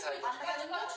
አመሰግናለሁ።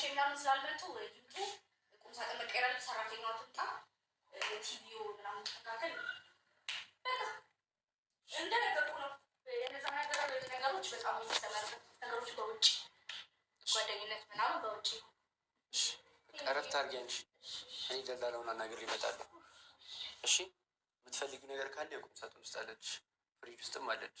ሰዎች ምናምን ስላልመጡ ይምጡ፣ ቁምሳጥን መቀየር አለብን፣ ሰራተኛ ቲቪው ምናምን ተስተካከል። እንደነገርኩህ ነው። የነዛ ነገሮች በጣም የሚሰመርበት ነገሮች በውጭ ጓደኝነት ምናምን በውጭ እረፍት እኔ አናግሬ እመጣለሁ። እሺ ነገር ካለ የቁም ሳጥን ውስጥ አለች፣ ፍሪጅ ውስጥም አለች።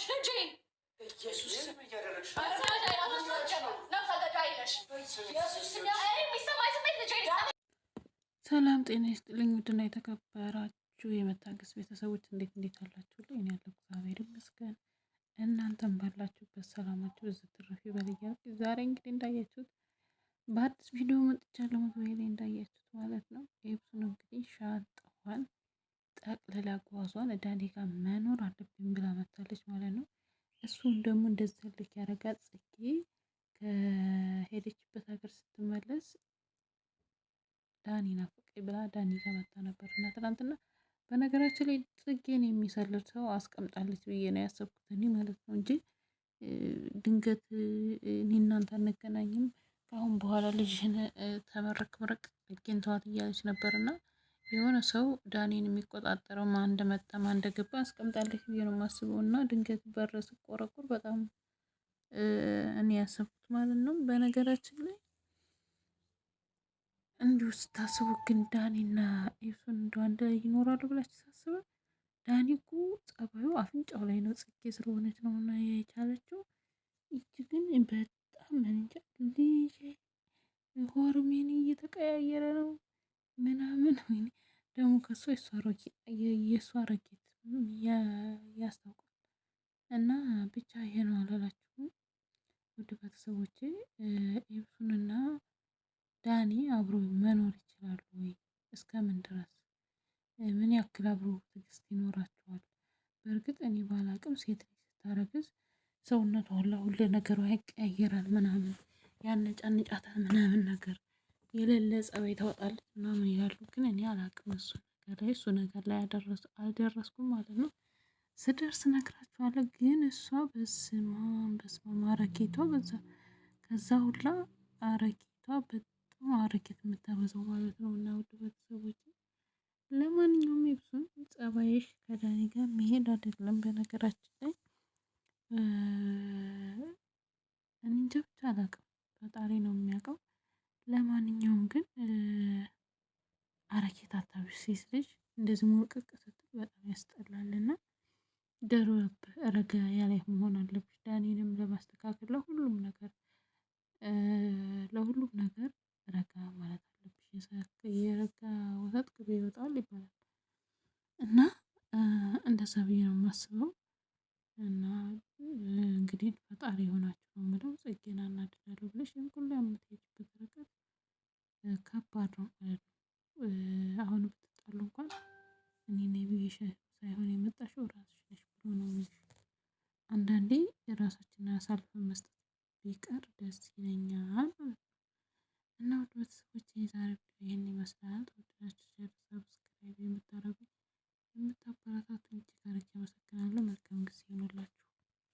ነሽ እንጂ ሰላም ጤና ይስጥልኝ። ውድና የተከበራችሁ የመታገስ ቤተሰቦች እንዴት እንዴት አላችሁ? እኔ ያለው እግዚአብሔር ይመስገን። እናንተም ባላችሁበት ሰላማችሁ ብዙ ትርፍ ይበልያል። ዛሬ እንግዲህ እንዳያችሁት በአዲስ ቪዲዮ መጥቻለሁ። መግቢያ ላይ እንዳያችሁት ማለት ነው ነው እንግዲህ ሻንጣዋን ጠቅልላ ጓዟን ዳኒ ጋር መኖር አለብኝ ብላ መታለች ማለት ነው። እሱም ደግሞ እንደዛልክ ያረጋት ጽጌ ከሄደችበት ሀገር ስትመለስ ዳኒ ናፈቀኝ ብላ ዳኒ ጋር መታ ነበር እና ትናንትና በነገራችን ላይ ጽጌን የሚሰልል ሰው አስቀምጣለች ብዬ ነው ያሰብኩት እኔ ማለት ነው እንጂ ድንገት እኔ እናንተ አንገናኝም ከአሁን በኋላ ልጅህን ተመረክ ምረቅ ጽጌን ተዋት እያለች ነበርና የሆነ ሰው ዳኒን የሚቆጣጠረው ማን እንደመጣ ማን እንደገባ አስቀምጣለች ብዬ ነው የማስበው። እና ድንገት በር ስቆረቁር በጣም እኔ ያሰብኩት ማለት ነው። በነገራችን ላይ እንዲሁ ስታስቡ ግን ዳኒና ኤፍሱን እንደ አንድ ላይ ይኖራሉ ብላችሁ ሳስበ ዳኒ እኮ ጸባዩ አፍንጫው ላይ ነው። ጽጌ ስለሆነች ነው እና የቻለችው እጅ ግን በጣም መንጃ ልጅ ሆርሜን እየተቀያየረ ነው ምናምን ወይ ከሱ የእሱ አሮጊት ያስታውቃል። እና ብቻ ይሄ ነው አላላችሁም? ውድ ቤተሰቦቼ እና ዳኒ አብሮ መኖር ይችላሉ ወይ? እስከምን ድረስ ምን ያክል አብሮ ትግስት ይኖራቸዋል? በእርግጥ እኔ ባላቅም ሴት ስታረግዝ ሰውነቷ ሁላ ሁሉ ነገሯ ይቀያየራል ምናምን ያነጫንጫታል ምናምን ነገር የሌለ ጸባይ ታወጣለች ምናምን ይላሉ። ግን እኔ አላቅም እሱን ላይ እሱ ነገር ላይ አልደረስኩም ማለት ነው። ስደርስ እነግራችኋለሁ። ግን እሷ በስማም በስማም አረኬቷ በዛ ከዛ ሁላ አረኬቷ በጣም አረኬት የምታበዛው ማለት ነው። እና ውድ ቤተሰቦች ለማንኛውም የብሱን ጸባይሽ ከዳኒ ጋር መሄድ አይደለም። በነገራችን ላይ እንጃ ብቻ አላውቅም፣ ፈጣሪ ነው ሴት ልጅ እንደዚህ ሞልቀቅ ስትል በጣም ያስጠላል እና ደረብ ረጋ ያለ መሆን አለብሽ። ዳኒንም ለማስተካከል ለሁሉም ነገር ለሁሉም ነገር ረጋ ማለት አለብሽ። የረጋ ወተት ቅቤ ይወጣል ይባላል እና እንደዛ ብዬ ነው የማስበው። እና እንግዲህ ፈጣሪ የሆናችሁ ነው የምለው። ጽጌን አናድዳለሁ ብለሽ ይህን ሁሉ የምትሄጂበት ርቀት ከባድ ነው ማለት ነው። ይዘሽ ሳይሆን የመጣሽው ራስሽ ነሽ ብሎ ነው የሚልሽ። አንዳንዴ የራሳችንን አሳልፈን መስጠት ቢቀር ደስ ይለኛል ማለት ነው። እና ውድ ቤተሰቦቼ የዛሬው ይህን ይመስላል። ወዳችሁ